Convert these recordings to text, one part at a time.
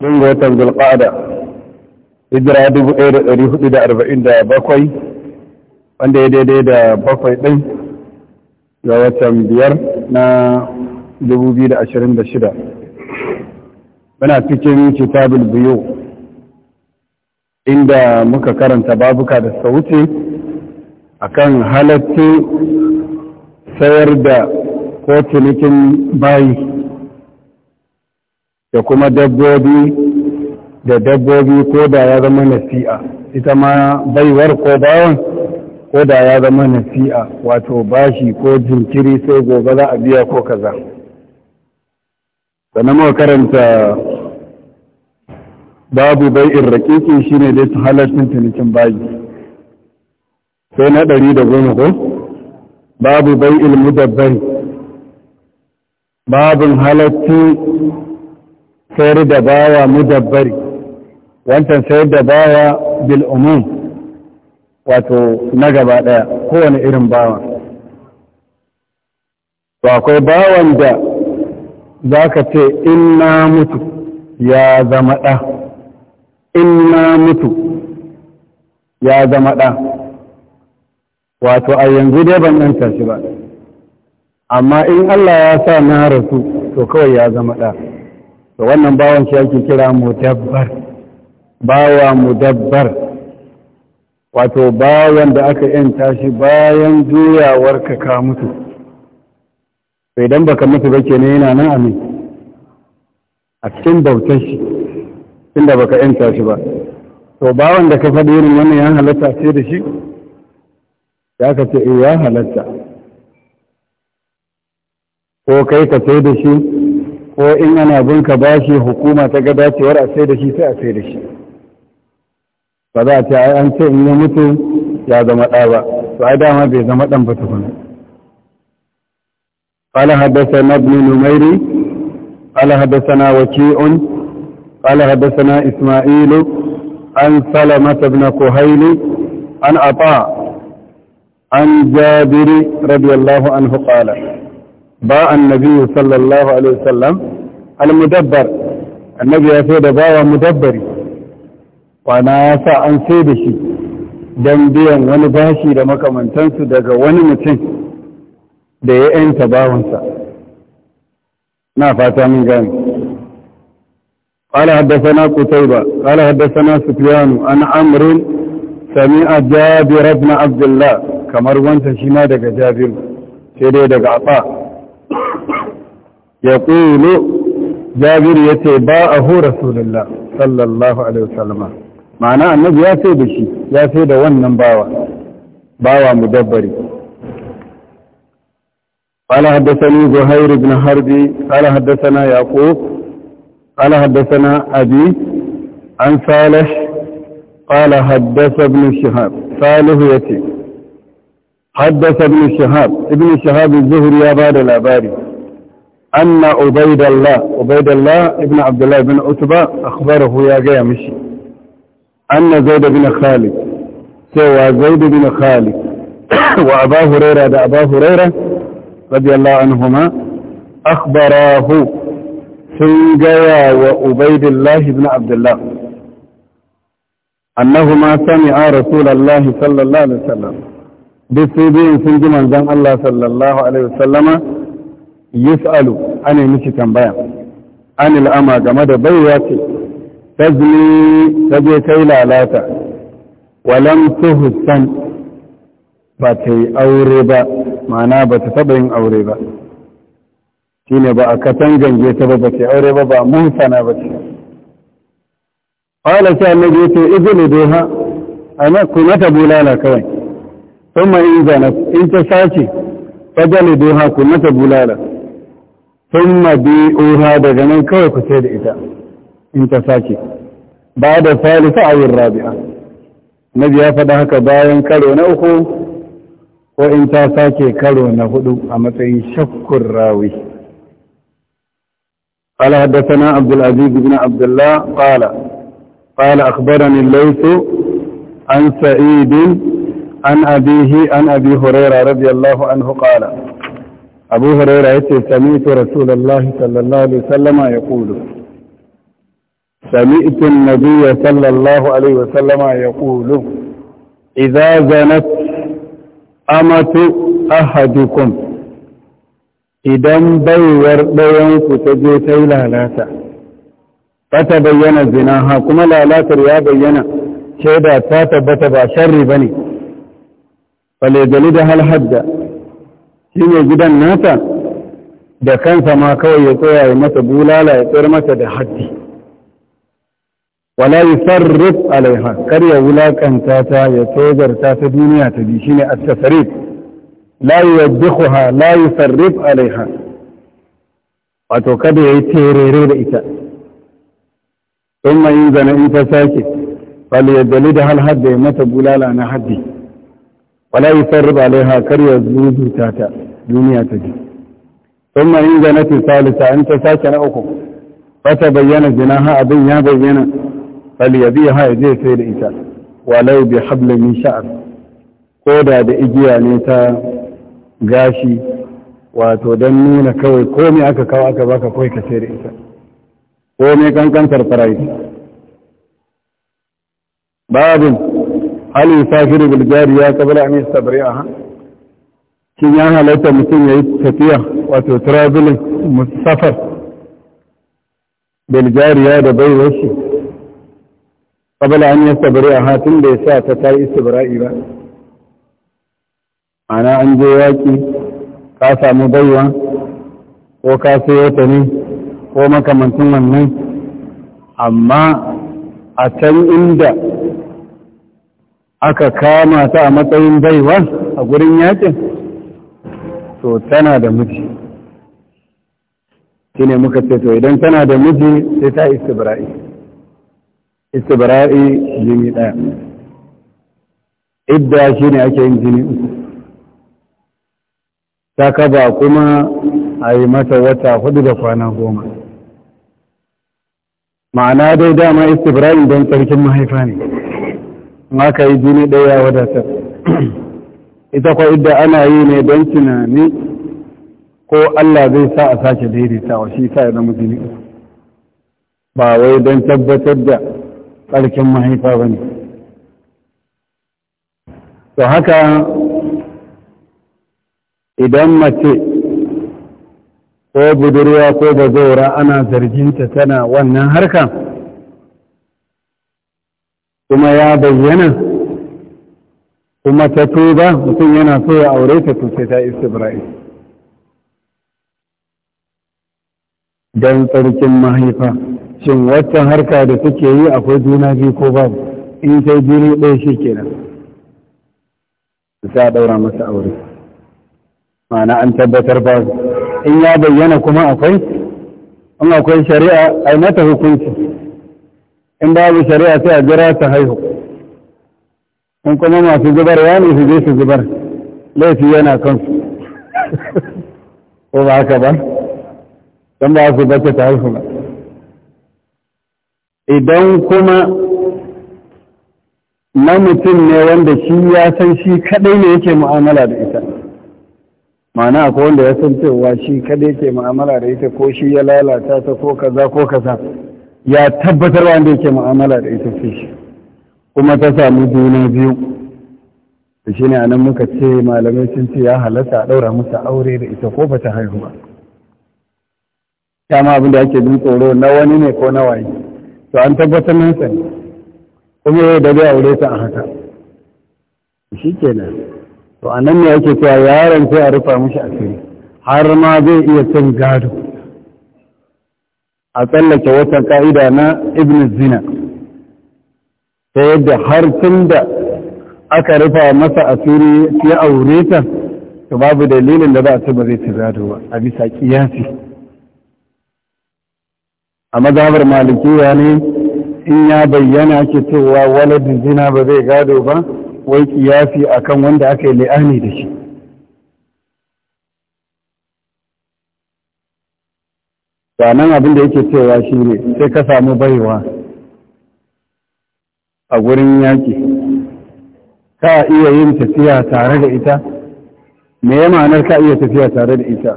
mun ga watan zulqa'ada hijira dubu ɗaya da ɗari hudu da arba'in da bakwai wanda ya daidai da bakwai ɗin ga watan biyar na dubu biyu da ashirin da shida muna cikin kitabul biyu inda muka karanta babuka da suka a kan halattu sayar da ko cinikin bayi da kuma dabbobi da dabbobi ko da ya zama nasi'a ita ma baiwar ko bawan ko da ya zama nasi'a wato bashi ko jinkiri sai gobe za a biya ko kaza sannan muka karanta babu bai'in raƙiƙi shine dai su halartun tunikin bayi sai na ɗari da goma ko babu bai'il mudabbari babin halartun sayar da bawa mudabbari wancan sayar da bawa bil wato na gaba daya kowane irin bawa to akwai bawan da za ka ce in na mutu ya zama ɗa in na mutu ya zama ɗa wato a yanzu dai ban ɗanta shi ba amma in Allah ya sa na rasu to kawai ya zama ɗa to wannan bawan shi ake kira mudabbar bawa mudabbar wato bawan da aka yanta shi bayan juyawar ka ka mutu to idan baka mutu ba ne yana nan a ne a cikin bautar shi inda baka yanta shi ba to bawan da ka faɗi irin wannan ya halatta ce da shi ya ka ce eh, ya halatta ko kai ka sai da shi ko in ana bin ka bashi hukuma ta ga dacewar a sai da shi sai a sai da shi ba za a ce an ce in ya mutu ya zama ɗa ba to ai dama bai zama ɗan ba tukuna قال حدثنا ابن نميري قال حدثنا وكيع قال حدثنا إسماعيل عن سلمة بن كهيل عن عطاء عن جابر رضي الله عنه قال ba النبي صلى الله عليه al mudabbar. Annabi ya sai da bawa mudabbari kwana ya sa an sai da shi don biyan wani bashi da makamantansu daga wani mutum da ya yanta bawansa na fata min gani قال حدثنا قتيبة قال حدثنا سفيان عن عمرو سمع جابر بن عبد الله كمر وانت شيما دغ جابر سيدي دغ عطاء ya ƙulu Jabiru ya ce ba a hu rasulullah sallallahu alaihi wasallama ma'ana annabi ya ce da shi ya ce da wannan bawa bawa mudabbari قال حدثني زهير بن حرب قال حدثنا يعقوب قال حدثنا أبي عن صالح قال حدث ابن شهاب صالح يتي حدث ابن شهاب ابن شهاب الزهري يا بار الأباري أن عبيد الله عبيد الله ابن عبد الله بن عتبة أخبره يا جاي مشي أن زيد بن خالد سوى زيد بن خالد وأبا هريرة ده أبا هريرة رضي الله عنهما أخبراه سنجيا وعبيد الله بن عبد الله أنهما سمعا رسول الله صلى الله عليه وسلم duk sai biyun sun ji manzon Allah sallallahu alaihi wasallama yus'alu yi miki tambaya an ama game da baiwa ce tazni ta je kai lalata walam tuhsan ba ta yi aure ba ma'ana ba ta taɓa yin aure ba shine ba a kasan gange ta ba ba ta yi aure ba ba muhsana ba ce qala sai annabi ya ce idlu a na kuma ta bulala kawai sun in zanaf in ta sace fadali doha ku mata bulala sun mabi oha daga nan kawai ku sai da ita in ta sace ba da salisa a yin rabi'a nabi ya faɗa haka bayan karo na uku ko in ta sake karo na hudu a matsayin shakkun rawi قال حدثنا عبد العزيز بن عبد الله قال قال أخبرني الليث عن سعيد an abihi an abi huraira radiyallahu anhu qala abu huraira yace sami'tu rasulullahi sallallahu alaihi wasallama yaqulu sami'tu an-nabiy sallallahu alaihi wasallama yaqulu idza zanat amatu ahadukum idan baiwar dayan ku ta je ta yi lalata bata bayyana zina kuma lalatar ya bayyana shaida ta tabbata ba sharri bane ne falegani da halhadda shi ne gidan nata da kansa ma kawai ya tsaya ya mata bulala ya tsayar mata da haddi wala yi sarrif alaiha kar ya wulakanta ta ya tozarta ta ta duniya ta bi shine at-tasrif la yuwaddihuha la yusarrif alaiha wato kada ya yi terere da ita in mai in zana in ta sake fal da hal hadda ya mata bulala na haddi wala yusarrib alaiha kar ya zuzuta ta duniya ta ji thumma in zanati salisa in ta sake na uku fata bayyana zinaha abin ya bayyana falyabiha ya je sai da ita walau bi hablin min sha'ar ko da igiya ne ta gashi wato don nuna kawai komai aka kawo aka baka kawai ka sai da ita komai kankantar farai babin hal yusafiru bil jariya sabari a ha? kin ya halatta mutum yayi tafiya wato traveling musafar bil ya da baiwar shi qabla an ha tun da sa ta kai istibra'i ba ana an je yaki ka samu baiwa ko ka sayo ta ne ko makamantin wannan amma a can inda aka kama ta a matsayin baiwa a gurin yakin to tana da miji Shi ne muka ce to idan tana da miji sai ta istibra'i istibra'i jini ɗaya idda shi ne ake yin jini uku ta kaba kuma a yi mata wata hudu da kwana goma ma'ana dai dama istibra'i don tsarkin mahaifa ne ma ka yi jini ɗaya wadatar ita kwa idda ana yi ne don tunani ko Allah zai sa a sake daidaitawa shi sa ya zama jini ba wai don tabbatar da ƙarfin mahaifa ba ne to haka idan mace ko budurwa ko bazora ana zarginta tana wannan harkan kuma ya bayyana kuma ta tuba mutum yana so ya aure ta to sai ta istibra'i Don tsarkin mahaifa shin wata harka da suke yi akwai juna biyu ko babu in sai jini ɗaya shi kenan a ɗaura masa aure ma'ana an tabbatar ba in ya bayyana kuma akwai in akwai shari'a ai mata hukunci in babu shari'a sai a jira ta haihu in kuma masu zubarwa ne su je su zubar laifi yana kansu ko ba haka ba don ba su bace ta haihu ba idan kuma na mutum ne wanda shi ya san shi kadai ne yake mu'amala da ita ma'ana akwai wanda ya san cewa shi kadai ke mu'amala da ita ko shi ya lalata ta ko kaza ko kaza ya tabbatar wa wanda yake mu'amala da ita ce shi kuma ta samu juna biyu da shi ne a nan muka ce malamai sun ce ya halatta a ɗaura musu aure da ita ko bata haihu ba kama abin da ake jin tsoro na wani ne ko na waye to an tabbatar nan sani kuma yau da zai aure ta a haka shi kenan to a nan ne ake cewa yaron sai a rufa mishi asiri har ma zai iya cin gado a tsallake wata ka'ida na ibn zina ta yadda har tun da aka rufa masa asiri ya aure ta to babu dalilin da za a ce ba zai ci zato a bisa kiyasi a mazhabar malikiya ne in ya bayyana ake cewa waladin zina ba zai gado ba wai kiyasi akan wanda aka yi la'ani da shi sanan abin da yake cewa shi ne sai ka samu baiwa a gurin yaki. ka iya yin tafiya tare da ita me ya ma'anar ka iya tafiya tare da ita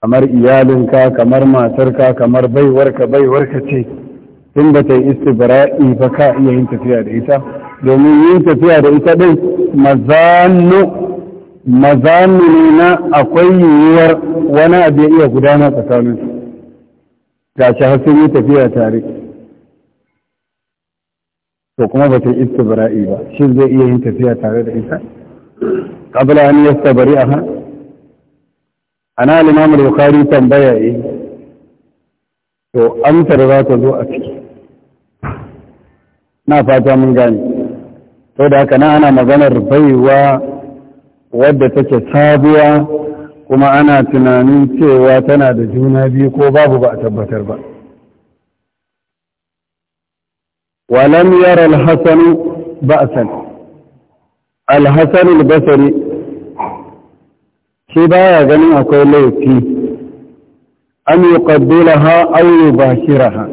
kamar iyalinka kamar matarka kamar baiwarka baiwarka ce tun ba ta yi istibra'i ba ka iya yin tafiya da ita domin yin tafiya da ita ɗin mazannu mazamuni na akwai yiwuwar wani abu ya iya gudana tsakanin ga shi har sun yi tafiya tare to kuma ba ta yi bara'i ba shi zai iya yin tafiya tare da ita kabla an yasta bari A hannu ana al bukari tambaya eh to amsar za ta zo a ciki na fata mun gane to da haka na ana maganar baiwa wadda take sabuwa kuma ana tunanin cewa tana da juna biyu ko babu ba a tabbatar ba walam yara alhassanu ba'san alhassan albasari shi baya ganin akwai laifi an yi ƙaddula ha auyu ba ha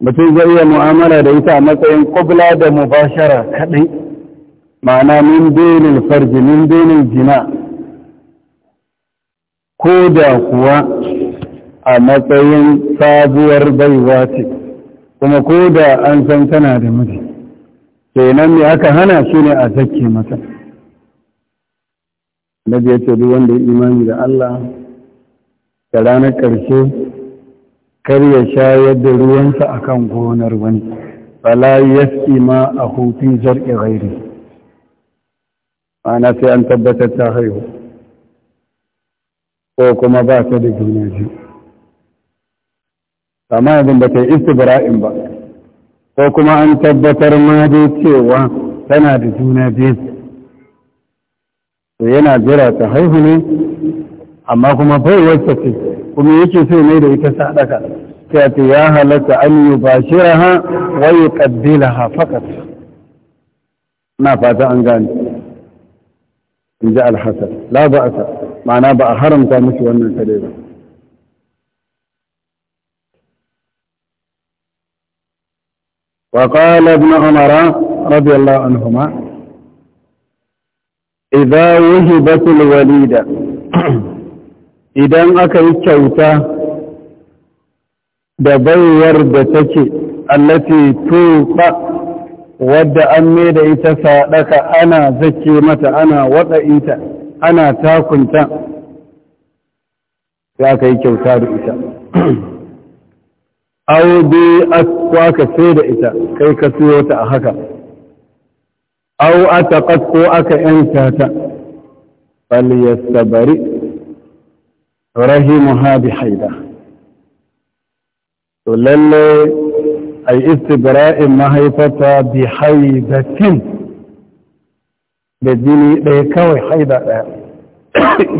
mutum zai iya mu'amala da ita a matsayin ƙubla da mubashara kaɗai ma'ana min bainil farji min bainil jina ko da kuwa a matsayin sabuwar baiwa ce kuma ko da an san tana da miji kenan me aka hana shi ne a sake mata nabi ya ce duk wanda ya imani da Allah da ranar karshe kar ya shayar da ruwansa akan gonar wani fala yasima a hutu zar'i ghairi ma'ana sai an tabbatar ta haihu ko kuma ba ta da juna biyu amma yanzu ba ta yi istibra'in ba ko kuma an tabbatar ma dai cewa tana da juna biyu to yana jira ta haihu ne amma kuma bai wasu ce kuma yake so ne da ita sadaka sai ta ya halatta an yi wai wa yuqabbilaha faqat na fata an gane إن ji alhassan لا بأس معناه ma'ana ba a haramta musu وقال ابن عمر رضي الله عنهما إذا وهبت الوليدة إذا أكيت شوتا دبير دتك التي توقع wadda an da ita sadaka ana zake mata ana wada ita ana takunta ya ka yi kyauta da ita au bi akwa ka sai da ita kai ka siyo ta a haka au ataqat ko aka yanta ta Bal yastabari rahimuha bi haida to lalle a yi istibra'in mahaifata bi haidatin da jini ɗaya kawai haida ɗaya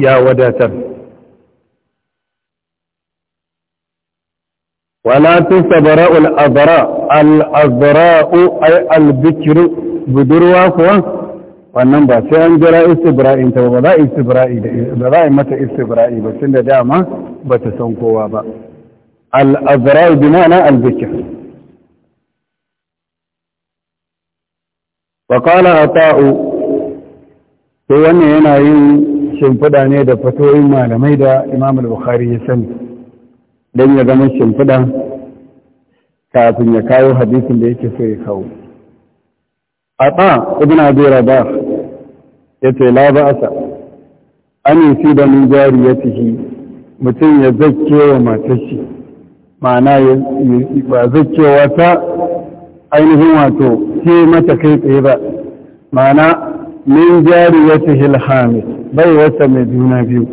ya wadatar wala tusabra'u al-azra al-azra'u ay al-bikru budurwa kuwa wannan ba sai an jira istibra'i ta ba za istibra'i da za a mata istibra'i ba tun da dama ba ta san kowa ba al-azra'i bi ma'ana al wa a ta’o to wannan yana yin shimfiɗa ne da fatoyin malamai da Imam al-Bukhari ya sani don ya zama shimfida kafin ya kawo hadisin da yake so ya kawo ibina ibn ba ya ce laba ba'sa an yi da min jariyatihi mutum ya zakke wa matar shi ma'ana ba zakewa ta ainihin wato ce mata kai tsaye ba ma'ana min jari wata hilhamis bai wata mai juna biyu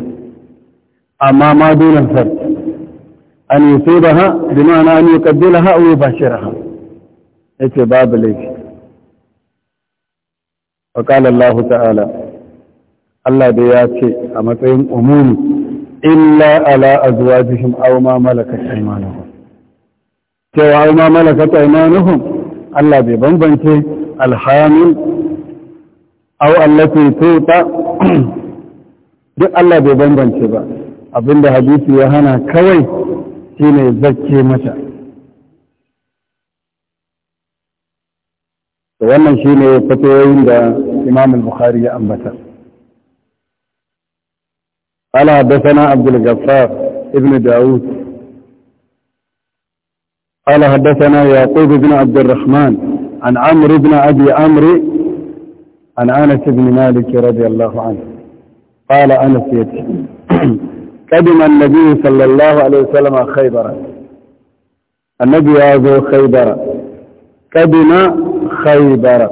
amma ma dunan sarki an yi so da ha bi ma'ana an yi kaddila ha uwe bashir ha yace babu laifi wa kala Allah ta'ala Allah da ya ce a matsayin umumi illa ala azwajihim aw ma malakat aymanuhum cewa aw ma malakat aymanuhum Allah bai bambance alhamin au allati tuta duk Allah bai bambance ba abinda hadisi ya hana kawai shine zakke mata to wannan shine fatoyin da Imam Bukhari ya ambata قال حدثنا عبد الغفار ابن داود قال حدثنا يعقوب بن عبد الرحمن عن عمرو بن أبي عمرو عن أنس بن مالك رضي الله عنه قال أنس قدم النبي صلى الله عليه وسلم خيبرا النبي هذا خيبرا قدم خيبرا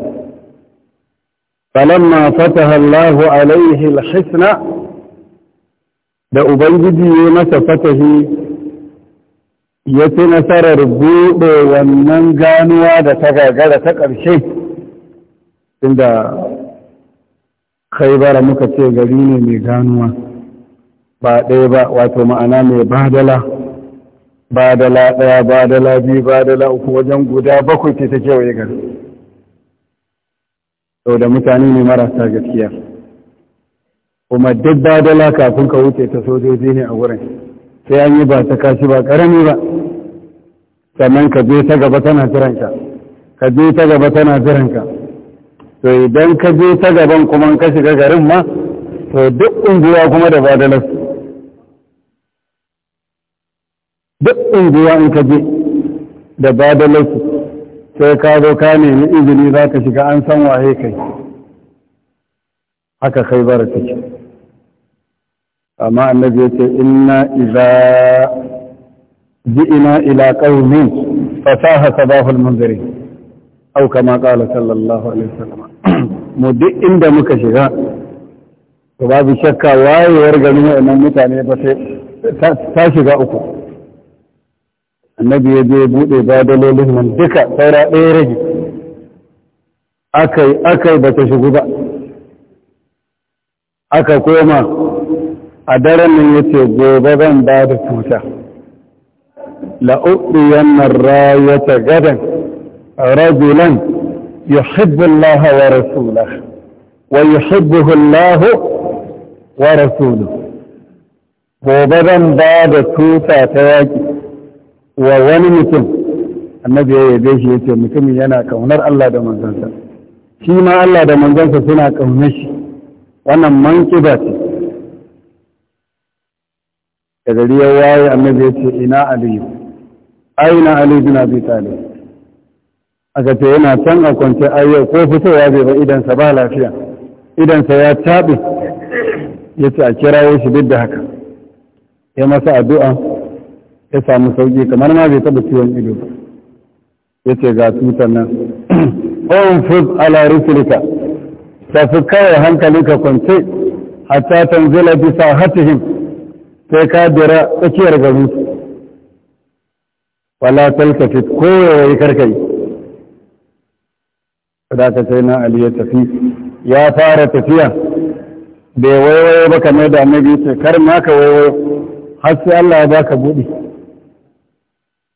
فلما فتح الله عليه الحسن da Ubangiji ya ci nasarar buɗe wannan ganuwa da ta gagara ta ƙarshe inda khaibara muka ce gari ne mai ganuwa ba ɗaya ba wato ma'ana mai badala badala ɗaya badala biyu badala uku wajen guda bakwai ce ta kewaye gari sau da mutane ne marasa gaskiya kuma duk badala kafin ka wuce ta sojoji ne a wurin sai an yi ba ta kashi ba karami ba sannan ka je ta gaba tana jiranka ka je ta gaba tana jiranka to idan ka je ta gaban kuma ka shiga garin ma to duk unguwa kuma da badalar duk unguwa in ka je da badalar sai ka zo ka nemi izini za ka shiga an san waye kai haka kai bara take amma annabi ya inna idza ji'na ila qaumin fasaha al munzirin au kama qala sallallahu alaihi wasallam mu duk inda muka shiga to babu shakka wayewar garin waɗannan mutane ba sai ta shiga uku annabi ya je buɗe badalolin nan duka saura ɗaya rage akai akai ba ta shigu ba aka koma a daren nan yace gobe zan ba da tuta la'uɗiyan rayata gadan rajulan yuhibbu Allah wa rasulahu wa yuhibbuhu Allah wa rasuluhu gobe zan ba da tuta ta yaƙi wa wani mutum annabi ya yabe shi yace mutumin yana kaunar Allah da manzansa shi ma Allah da manzansa suna kaunar shi wannan mankiba ce da gari ya waye annabi ya ce ina aliyu aina aliyu bin abi talib A ce yana can a kwance ayyau ko fitowa bai ba idansa ba lafiya idansa ya taɓe ya ce a kirawo shi duk da haka ya masa addu'a ya samu sauƙi kamar ma bai taɓa ciwon ido ba ya ce ga tutar nan ƙonfus ala rufilka tafi kawai hankali ka kwance hatta tanzila bisa hatihim sai ka bira tsakiyar gari wala taltafi kowaye karkai da ka sai na ali ya tafi ya fara tafiya bai waiwayo ba kame da annabi ce kar ma ka waiwayo har sai Allah ya baka budi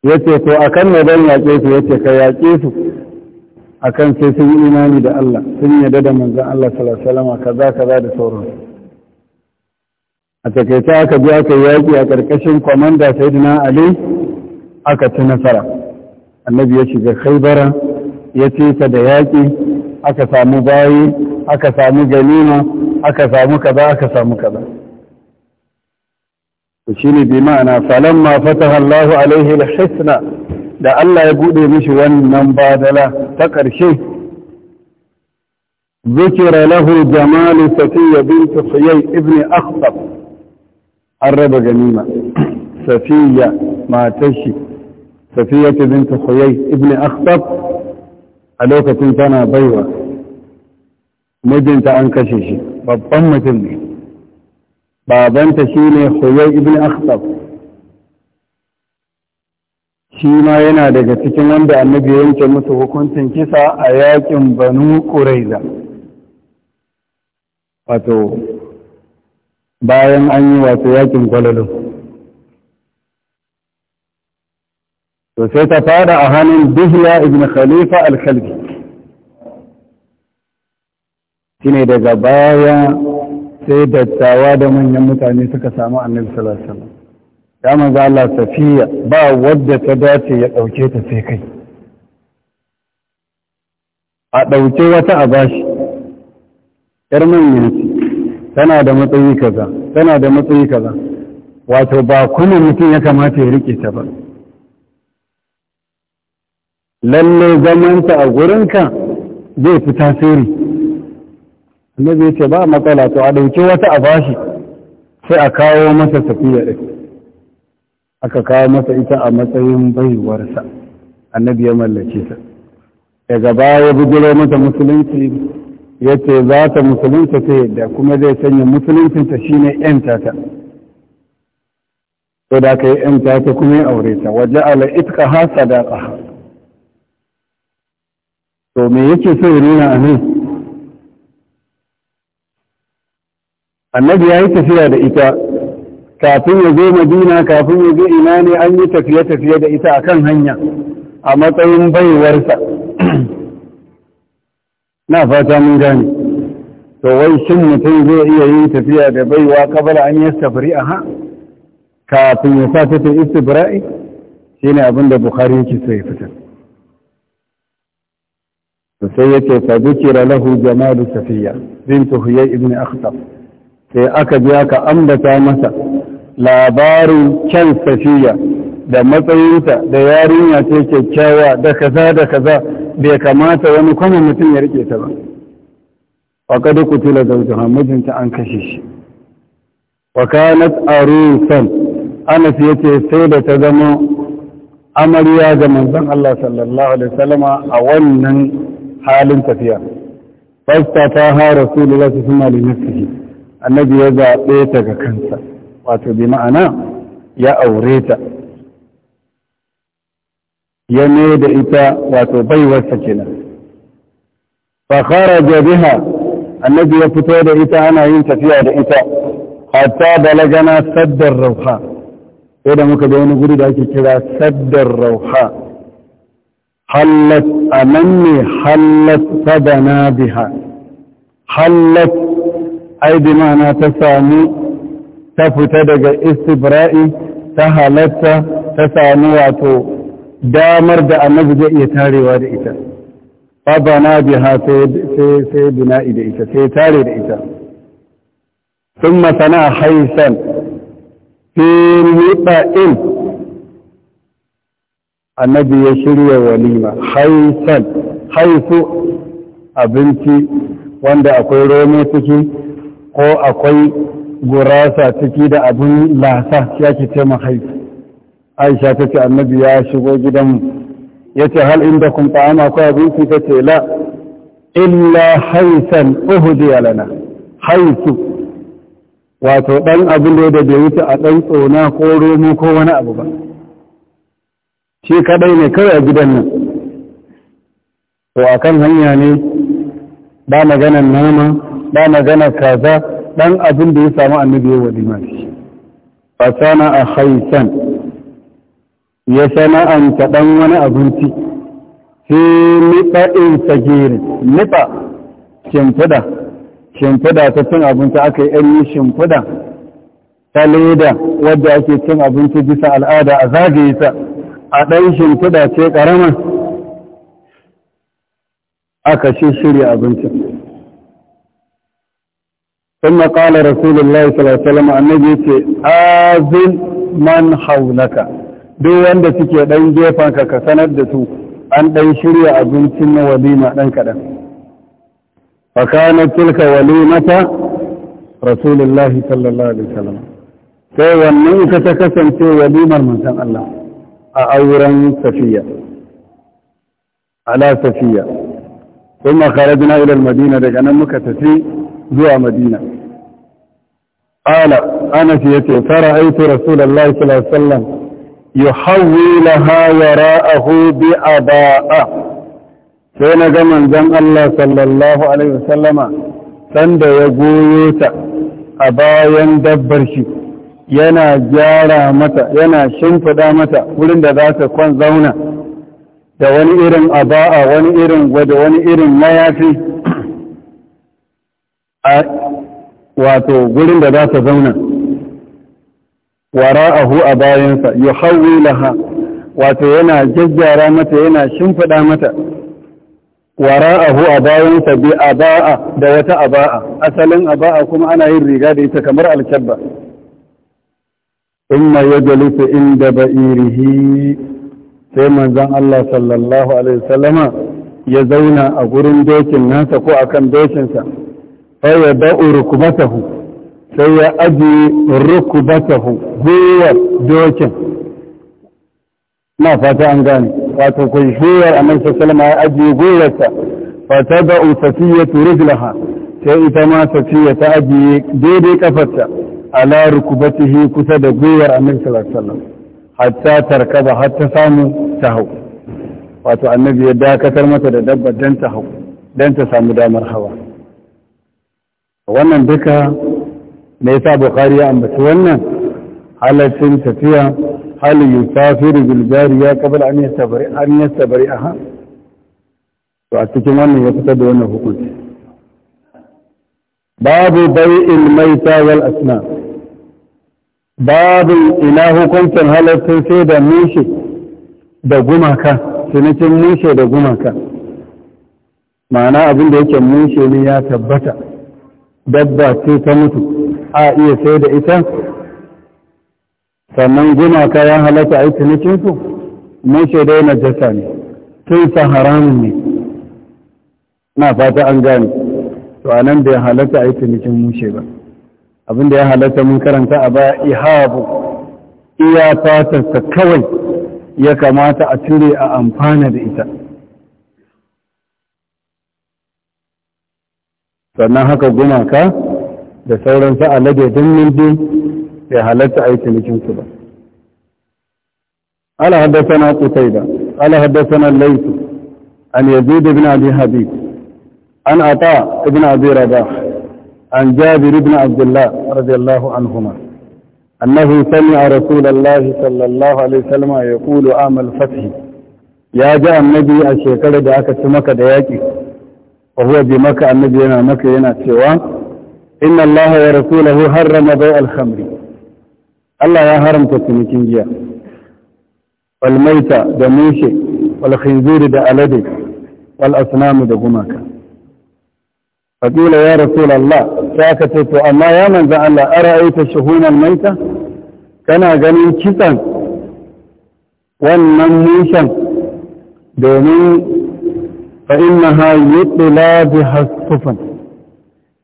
ya ce to akan ne dan yaƙe su ya ce ka yaƙe su akan sai sun yi imani da Allah sun yarda da manzon Allah sallallahu alaihi wasallam kaza kaza da sauransu a takaita aka biya aka yaƙi a ƙarƙashin kwamanda sayyidina ali aka ci nasara annabi ya shiga khaibara ya ce ta da yaƙi aka samu bayi aka samu ganima aka samu kaza aka samu kaza to shine bi ma'ana falamma fataha Allahu alaihi al-hisna da Allah ya bude mishi wannan badala ta ƙarshe ذكر له جمال صفية بنت حيي ابن أخطب an raba ganima safiya matar shi safiya ta binta huyai ibn akhtab a lokacin tana baiwa mijinta an kashe shi babban mutum ne babanta shi ne huyai ibn akhtab shi ma yana daga cikin wanda annabi yanke musu hukuncin kisa a yakin banu ƙuraiza wato bayan an yi wato yakin kwalalo to sai ta fara a hannun bihla ibn khalifa al-kalbi shine daga baya sai dattawa da manyan mutane suka samu annabi sallallahu alaihi wasallam ya manzo Allah safiya ba wadda ta dace ya dauke ta sai kai a ɗauke wata a bashi yar manyan tana da matsayi kaza tana da matsayi kaza wato ba kuma mutum ya kamata ya rike ta ba lalle zamanta a gurinka zai fi tasiri na zai ce ba matsala to a ɗauki wata a bashi sai a kawo masa safiya ɗin aka kawo masa ita a matsayin baiwarsa annabi ya mallake ta daga baya bujiro mata musulunci ya ce za ta musulunta ta yadda kuma zai sanya musuluncinta shi ne ‘yanta ta to da ka yi ‘yanta ta kuma ya aure ta waje ala itka ha sadaka ha to me yake so yi nuna a nan annabi ya yi tafiya da ita kafin ya zo madina kafin ya zo ina ne an yi tafiye-tafiye da ita akan hanya a matsayin baiwarsa na fata mun gane to wai shin mutum zai iya yin tafiya da baiwa kabala an a ha? kafin ya sa ta istibra'i shine abin da bukhari yake so ya fitar to sai yace fa lahu jamalu safiya bintu huyay ibn akhtab sai aka biya ka ambata masa labarin kyan safiya da matsayinta da yarinya ce kyakkyawa da kaza da kaza bai kamata wani kwana mutum ya rike ta ba wa kada da zawjaha mijinta an kashe shi wa kanat arusan anas yace sai da ta zama amarya ga manzon Allah sallallahu alaihi wasallama a wannan halin tafiya fasta ta ha rasulullahi sallallahu alaihi wasallam annabi ya zabe ta ga kansa wato bi ma'ana ya aure ta ya ne da ita wato baiwarsa kenan fa kharaja biha annabi ya fito da ita ana yin tafiya da ita hatta balagana saddar rauha sai da muka ga wani guri da ake kira saddar rauha hallat anan ne hallat sadana biha hallat ai bi ma'ana ta samu ta fita daga istibra'i ta halatta ta samu wato damar da annabi zai iya tarewa da ita baba na biha sai bina'i da ita sai tare da ita sun masana haisan fi in annabi ya shirya walima haisan haifu abinci wanda akwai romo ciki ko akwai gurasa ciki da abin lasa ya ke ce haifu aisha ta ce annabi ya shigo gidan ya ce hal inda kun ta'ama ko abinci ta ce la illa haisan uhudiya lana haisu wato dan abin da da bai wuce a ɗan tsona ko romo ko wani abu ba shi kaɗai ne kawai a gidan nan to akan kan hanya ne ba maganar nama ba maganar kaza ɗan abin da ya samu annabi ya wadi ma shi fasana a haisan ya sana'anta ɗan wani abinci fi in sagiri nipa shimfida shimfida ta cin abinci aka yi ɗan yi ta leda wadda ake cin abinci bisa al'ada a zagaye ta a ɗan shimfida ce ƙarama aka shi shirya abincin ثم قال رسول الله صلى الله عليه وسلم النبي آذن من حولك duk wanda suke ɗan gefen ka sanar da su an ɗan shirya abincin na walima ɗan kaɗan fakanar tilka walimata rasulullahi sallallahu alaihi wasallam sai wannan ita ta kasance walimar manzon Allah a auren safiya ala safiya kuma kharajna ila madina daga nan muka tafi zuwa madina qala anas yace fara'aytu rasulullahi sallallahu alaihi wasallam yuhawwilaha yara'ahu bi aba'a sai na ga manzon Allah sallallahu alaihi wasallama sanda ya goyo ta a bayan dabbar shi yana gyara mata yana shimfida mata wurin da za ta kwan zauna da wani irin aba'a wani irin gwada wani irin mayafi a wato gurin da za ta zauna wara'ahu a bayansa ya hauwi laha wato yana jajjara mata yana shimfiɗa mata wara'ahu a bayansa bi ba'a da wata a ba'a, asalin a ba'a kuma ana yin riga da ita kamar alkyabba ma ya su inda ba'irihi sai manzon Allah sallallahu alaihi wasallama ya zauna a gurin dokin nasa ko a kan dokinsa fa ya ba'u rukubatahu sai ya ajiye rukubatahu gwiwar dokin na fata an gani wato kun shuyar a mansa salama ya ajiye gwiwarsa fata da safiya turiglaha sai ita ma safiya ta ajiye daidai kafarta ala rukubatihi kusa da gwiwar annabi sallallahu alaihi hatta tarkaba hatta samu ta hau wato annabi ya dakatar mata da dabba dan ta hau dan ta samu damar hawa wannan duka me yasa bukhari ya ambaci wannan halaccin tafiya hal yusafiru bil jariya qabla an yastabri an yastabri aha to a cikin wannan ya fitar da wannan hukunci babu bai'il maita wal asna babu ina hukuncin halaccin sai da mushe da gumaka cinikin mushe da gumaka ma'ana abin da yake mushe ne ya tabbata dabba ce ta mutu a iya sai da ita sannan gumaka ya halatta a yi cinikinsu mun shaida na jasa ne tun sa haramun ne na fata an gane to a nan bai halatta a yi cinikin mushe ba abinda ya halatta mun karanta a baya ihabu iya fatarsa kawai ya kamata a cire a amfana da ita sannan haka gumaka da sauran sa alade don nindi bai halatta a yi cinikin su ba ala haddasana qutaida ala haddasana layth an yazid ibn abi habib an ata ibn abi rabah an jabir ibn abdullah radiyallahu anhuma أنه سمع رسول الله صلى الله عليه وسلم يقول عام الفتح يا جاء النبي الشيكرة دعك سمك دياكي وهو بمكة النبي ينا مكة yana سواه inna Allah wa rasulahu harrama bai alhamri Allah ya haramta cinikin giya walmaita da mushe walkhinziri da alade wal'asnamu da gumaka faƙila ya rasu Allah sai aka ce amma ya manza Allah a ara'aita shuhunan maita kana ganin kisan wannan mushen domin fa innaha yutla biha sufan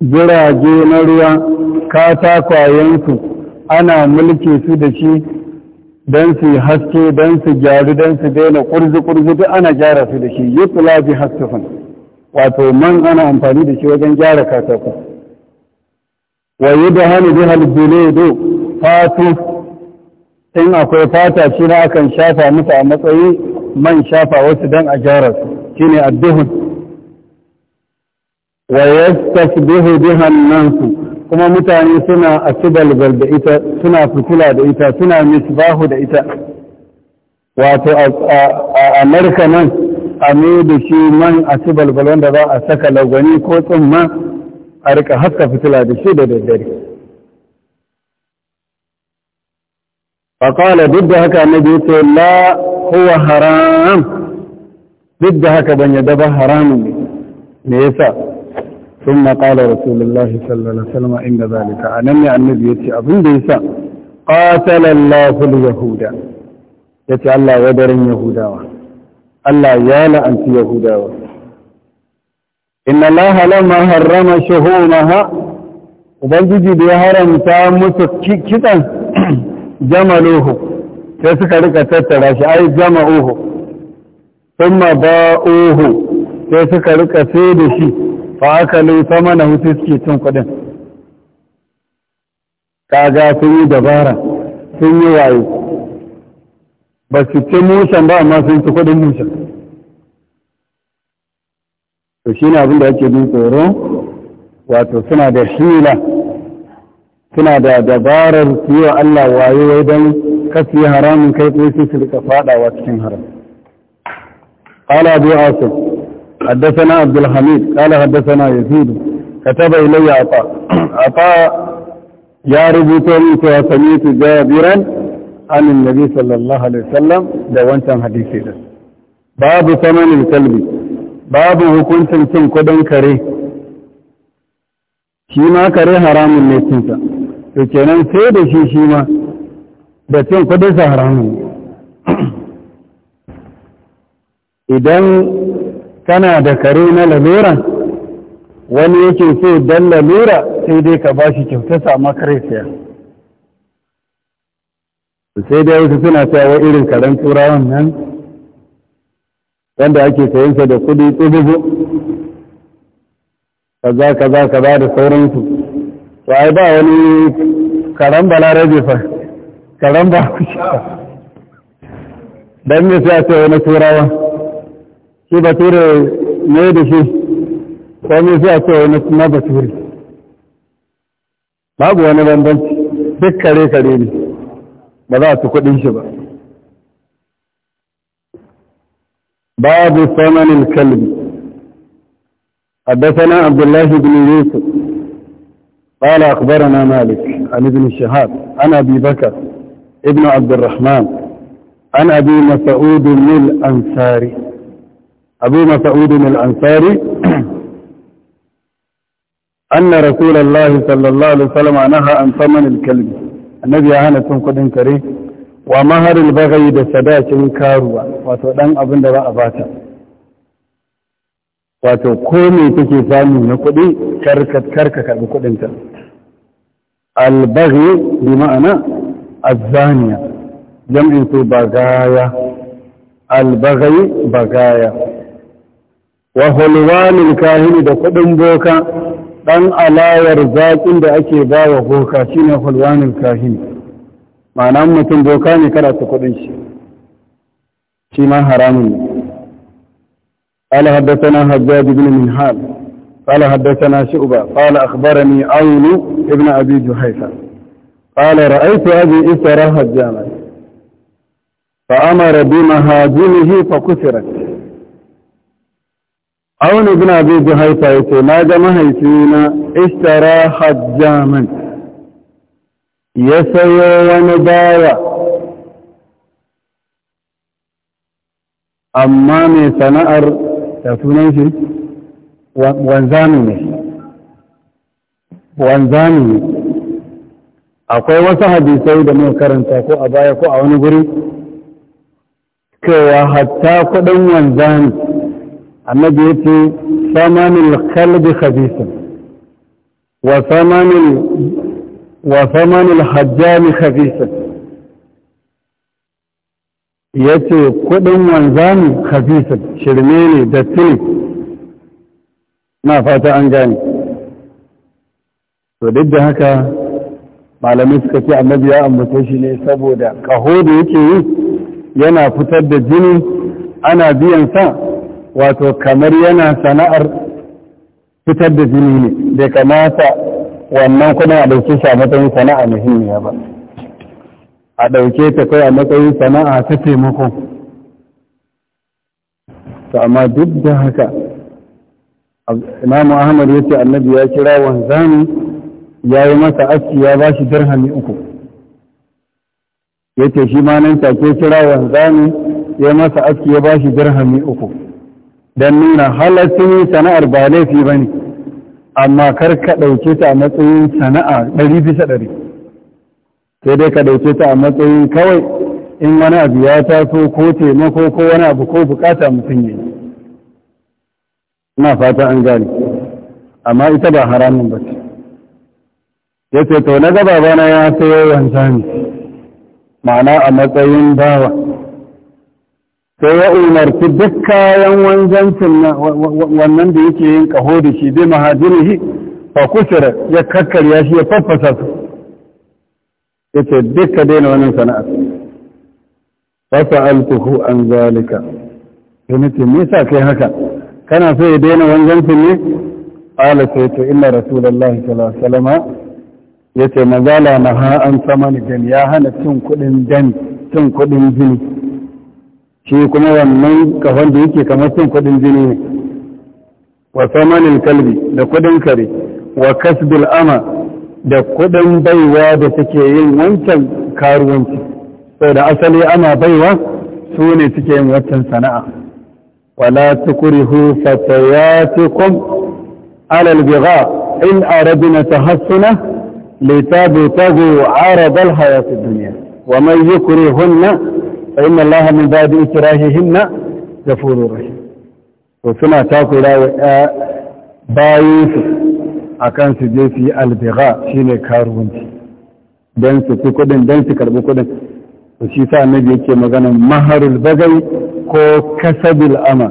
jirage na ruwa katakwayensu ana mulke su da shi don su haske don su gyaru don su daina kurzi kurzu duk ana gyara su da shi yi kula bi haskafin wato man ana amfani da shi wajen gyara katako wa da hannu bi do fatu in akwai fata shi na akan shafa musu a matsayi man shafa wasu don a gyara su ne addu'un. wa yastasbihu biha an-nas kuma mutane suna asibalbal da ita suna fitila da ita suna misbahu da ita wato a amurka nan a da shi man asibalbal wanda za a saka lagwani ko tsumma a rika haska fitila da shi da daddare faƙala duk da haka na ce la huwa haram duk haka ban yadda ba haramun ne me yasa ثم قال رسول الله صلى الله عليه وسلم إن ذلك أنني النبي يتي أبن ديسا قاتل الله اليهود يتي الله ودر يهودا الله يالا أنت يهودا إن الله لما هرم شهومها وبنجي بهرم تامس كتا جملوه تسكرك تترش أي جمعوه ثم باؤوه تسكرك سيد شيء fa aka lusa mana hutu suke cin kuɗin kaga sun yi dabara sun yi waye ba su ci mushan ba amma sun ci kuɗin mushan to shi ne abin da ake bin tsoro wato suna da shila suna da dabarar yi Allah waye wai don kasu haramun kai tsaye su rika faɗawa cikin haram. Ala biyu حدثنا عبد الحميد قال حدثنا يزيد كتب إلي عطاء عطاء يا ربطني وسميت جابرا عن النبي صلى الله عليه وسلم دوانتا حديثي ده باب ثمن الكلب باب hukuncin cin قدن kare shi ma حرام haramun ne سيد شي kenan sai da shi shi ma kana da kare na lalura wani yake so don lalura sai dai ka bashi kyauta sama kare siya sai dai wasu suna sayawa irin karen turawan nan wanda ake sayansa da kudi tsububu kaza kaza kaza da sauransu to ai ba wani karen balarabe fa karen ba ku shi ba don me sai a wani turawan. shi bature ne da shi kwanye sai a cewa na kuma bature babu wani bambanci duk kare kare ne ba za su kudin shi ba babu samanin kalbi حدثنا عبد الله بن يوسف قال أخبرنا مالك عن ابن الشهاب عن أبي بكر ابن عبد الرحمن عن أبي مسعود الأنصاري أبو مسعود الأنصاري أن رسول الله صلى الله عليه وسلم نهى عن ثمن الكلب النبي أهانا تنقل انكري ومهر البغي دسداش انكاروا وتعلم أبن دراء فاتا وتقومي تكي ثاني نقضي كركة كركة بكل انت البغي بمعنى الزانية جمع تبغايا البغي بغايا, البغي بغايا wa hulwanin kahini da kudin boka dan alawar zaƙin da ake ba wa boka shine hulwanul kahini ma'ana mutum boka ne kada su kudin shi shi ma haramun قال حدثنا حجاج بن منهال قال حدثنا شعبة قال أخبرني عون ابن أبي جحيفة قال رأيت أبي إسرى هجاما فأمر بمهاجمه فكسرت auna abin abi juhaifa yace na ga mahaifina istara hajjaman ya sayo wani bawa amma mai sana'ar da sunan shi wanzami ne wanzami ne akwai wasu hadisai da muka karanta ko a baya ko a wani guri cewa hatta kudin wanzami annabi ya ce samanin kalbi khabisin wa samanin hajjami khabisin ya ce kudin wanzami khabisin shirme ne da tuni na fata an gane to duk da haka malamai suka ce annabi ya ambata shi ne saboda kaho da yake yi yana fitar da jini ana biyan sa wato kamar yana sana'ar fitar da jini ne da kamata wannan kuma a ɗauke shi a matsayin sana'a muhimmiya ba a ɗauke ta kai a matsayin sana'a ta taimako to amma duk da haka imamu ahmad ya ce annabi ya kira wanzani ya yi masa aski ya ba shi dirhami uku ya ce shi ma nan take kira wanzani ya masa aski ya ba shi dirhami uku don nuna halattun sana'ar ba laifi ba ne amma kar ka ɗauke ta a matsayin sana'a ɗari bisa ɗari sai dai ka ɗauke ta a matsayin kawai in wani abu ya taso ko taimako ko wani abu ko bukata mutum yi ina fata an gane amma ita ba haramun ba ya ce to na gaba bana ya sayo wanzami ma'ana a matsayin bawa sai ya umarci duk kayan wanzancin wannan da yake yin kaho da shi bai mahajirihi fa kusura ya kakkarya shi ya faffasa su ya ce duk ka daina wannan sana'a fasa altuhu an zalika sai nace me yasa kai haka kana so ya daina wanzancin ne ala sai to inna rasulullahi sallallahu alaihi wasallam yace mazala ha an samani gani ya hana cin cin kudin jini shi kuma wannan kafan da yake kamar cin kudin jini ne wa samanin kalbi da kudin kare wa kasbil ama da kudin baiwa da take yin wancan karuwanci sau da asali ana baiwa su ne suke yin wancan sana'a wala tukrihu fatayatikum ala albigha in aradna tahassuna litabtagu arada alhayat ad-dunya wa man yukrihunna فإن الله من بعد إكراههن غفور رحيم وسنا تاكورا بايس akan su je su yi shi shine karuwanci don su ci kudin su karbi kudin to shi sa annabi yake magana maharul bagai ko kasabil ama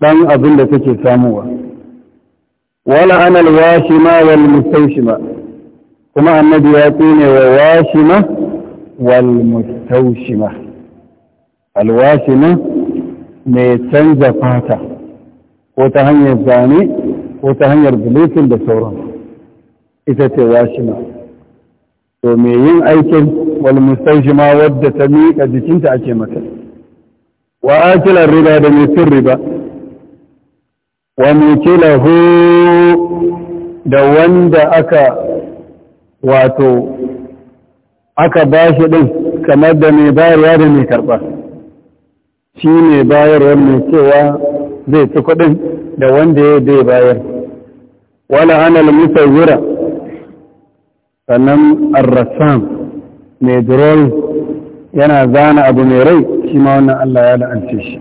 dan abin da take samuwa wala ana alwashima wal mustawshima kuma annabi ya tsine wa washima wal mustawshima alwasinin mai canza fata ko ta hanyar zane ko ta hanyar bulletin da sauran ita ce washina to me yin aikin ma wadda ta miƙa jikinta ake mata wa akilar riba da mai cin riba wa mukilahu da wanda aka wato aka bashi ɗin kamar da mai bayarwa da mai karɓa shi ne bayarwar mai cewa zai ci kuɗin da wanda ya zai bayar wala hanal musawwira sannan arrasam mai durol yana zana abu mai rai shi ma wannan Allah ya la'ance shi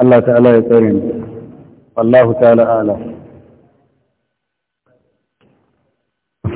Allah ta'ala ya tsare ni wallahu ta'ala a'lam